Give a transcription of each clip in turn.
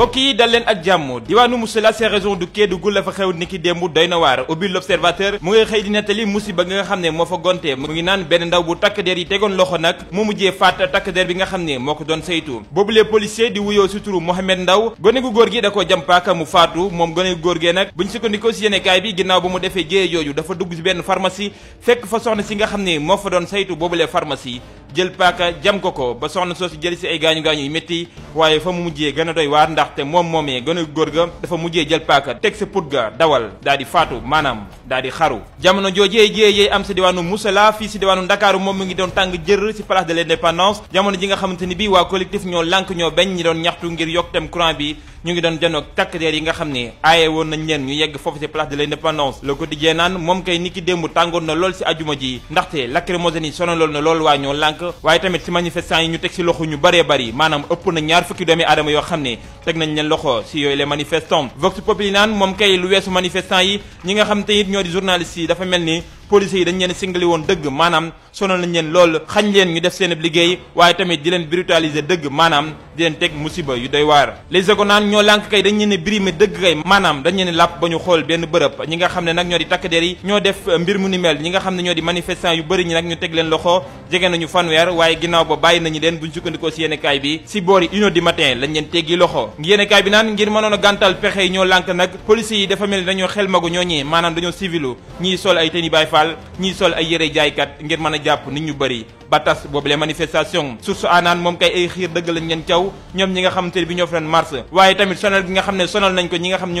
mbokk yi dal leen ak jàmm diwaanu Moussala c'est région du Kédougou la fa xew ni ki démb doy na waar ubbi l'observateur mu ngi xëy di nettali musiba nga xam ne moo fa gontee mu ngi naan benn ndaw bu takk der yi tegoon loxo nag mu mujjee faat takk der bi nga xam ne moo ko doon saytu boobulee policier di wuyoo si turu Mohamed Ndaw gone gu góor gi da koo jàmpaaka mu faatu moom gone gu góor gee nag buñ sukkandikoo si yéenekaay bi ginnaaw ba mu defee jéye jooju dafa dugg si benn pharmacie fekk fa soxna si nga xam ne moo fa doon saytu boobulee pharmacie jël paaka jam ko ko ba soxna soo si jëli si ay gaañu gaañu yu waaye fa mu mujjee gën a doy waar ndaxte moom moomee gën a góor ga dafa mujjee jël paaka teg sa put ga dawal daa di faatu maanaam daa di xaru jamono joojee jiyee yey am si diwaanu musala fii si diwaanu Ndakaaru moom mi ngi doon tàng jër si place de l'indépendance jamono ji nga xamante ni bi waa collectif ñoo lànk ñoo beñ ñi doon ñaxtu ngir yokk tem courant bi ñu ngi doon janoog takk der yi nga xam ne aaye woon nañ leen ñu yegg foofu ci place de l'indépendance le quotidien naan moom kay niki démb tàngoon na lool ci ajuma ji ndaxte lacrymogène yi sonaloon na lool waa ñoo lànk waaye tamit ci manifestants yi ñu teg ci loxo ñu bëree bëri maanaam ëpp na ñaar fukki doomi aadama yoo xam ne teg nañ leen loxo ci yooyu les manifestants vox populi naan moom kay lu weesu manifestants yi ñi nga xam te it ñoo di journalistes dafa mel ni police yi dañ leen singali woon dëgg maanaam sonal nañ leen lool xañ leen ñu def seen liggéey waaye tamit di leen brutaliser dëgg maanaam di leen teg musiba yu doy waar les éconaan ñoo lànk kay dañ leen brimer dëgg kay maanaam dañ leen làpp ba ñu xool benn bërëb ñi nga xam ne nag ñoo di takk der yi ñoo def mbir mu ni mel ñi nga xam ne ñoo di manifestant yu bëri ñi nag ñu teg leen loxo jege nañu fanweer waaye ginnaaw ba bàyyi nañu leen buñ sukkandikoo si yéenekaay bi si boori une heure du matin lañ leen teggi loxo yéenekaay bi naan a gàntal pexe yi Fall ñiy sol ay yëre jaaykat ngir mën a jàpp nit ñu bëri ba tas boobu les manifestations source anaan moom kay ay xiir dëgg lañ leen caw ñoom ñi nga xam ne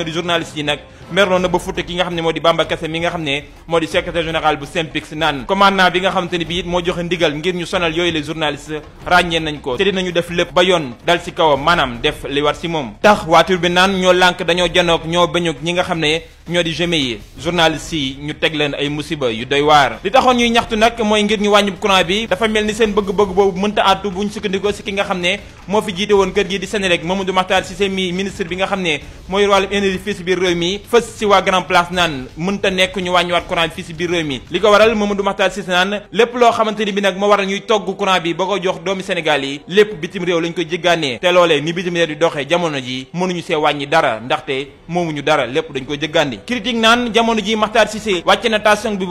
ñoo di journaliste ràññee nañ ko te dinañu def lépp ba yoon dal ci kawam maanaam def li war ci moom tax waatur bi naan ñoo lànk dañoo janoog ñoo bañug ñi nga xam ne ñoo di géme yi journaliste yi ñu teg leen ay musiba yu doy waar li taxoon ñuy ñaxtu nag mooy ngir ñu wàññi courant bi dafa mel ni seen bëgg-bëgg boobu mënta àttu buñ sukkandikoo si ki nga xam ne moo fi jiite woon kër gi di Senelec Mamadou Makhtar Cissé mi ministre si naan lépp loo xamante bi nag moo waral ñuy togg courant bi ba ko jox doomi Sénégal yi lépp bitim réew lañ ko jéggaanee te loolee ni bitim réew di doxee jamono ji mënuñu see wàññi dara ndaxte moomuñu dara lépp dañ ko jéggaandi critique naan jamono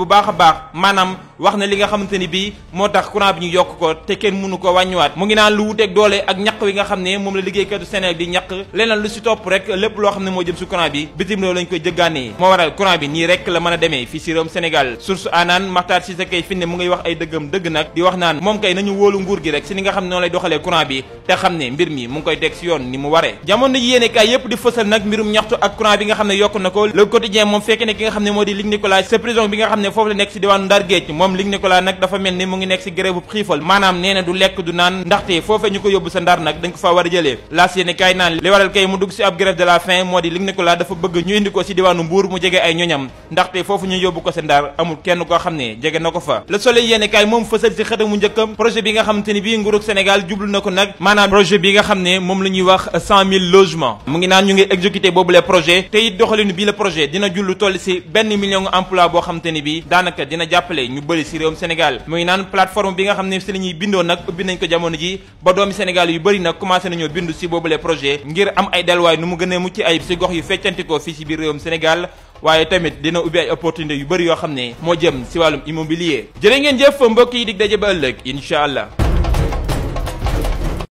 baax a baax maanaam wax na li nga xamante ni bii moo tax courant bi ñu yokk ko te kenn mënu ko wàññiwaat mu ngi naan lu wuteeg doole ak ñaq wi nga xam ne moom la liggéeykatu Sénégal di ñaq leneen lu si topp rek lépp loo xam ne moo jëm si courant bi bitim réew lañ koy jëggaanee moo waral courant bi nii rek la mën a demee fii si réewum Sénégal source anaan Makhtar Cissé kay fi mu ngay wax ay dëggam dëgg nag di wax naan moom kay nañu wóolu nguur gi rek si ni nga xam na ko le quotidien moom fekkee ne ki nga xam moom Luc mu a jege ay ñoñam ndaxte foofu ñu yóbbu ko sa ndar amul kenn koo xam ne jege na ko fa le soleil yéene moom fësal si xëtamu njëkkam projet bi nga xamante ni bii nguurug Sénégal jublu na ko nag maanaam projet bi nga xam ne moom la wax logements mu ngi naan ñu ngi exécuté boobu le projet te doxalinu bii le projet dina jullu toll si benn million emploi boo xamante ni bi daanaka dina jàppale ñu bëri dimbali si réewum Sénégal mu ngi naan plateforme bi nga xam ne si la ñuy bindoo nag ubbi nañ ko jamono ji ba doomi Sénégal yu bëri nag commencé nañoo bindu si boobule projet ngir am ay delluwaay nu mu gën a mucc ayib si gox yu feccantikoo fii si biir réewum Sénégal waaye tamit dina ubbi ay opportunité yu bëri yoo xam ne moo jëm si wàllum immobilier jërë ngeen jëf mbokk yi dig daje ba ëllëg incha allah